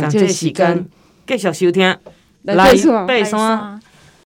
感謝時間，繼續收聽，來，來爬山啊。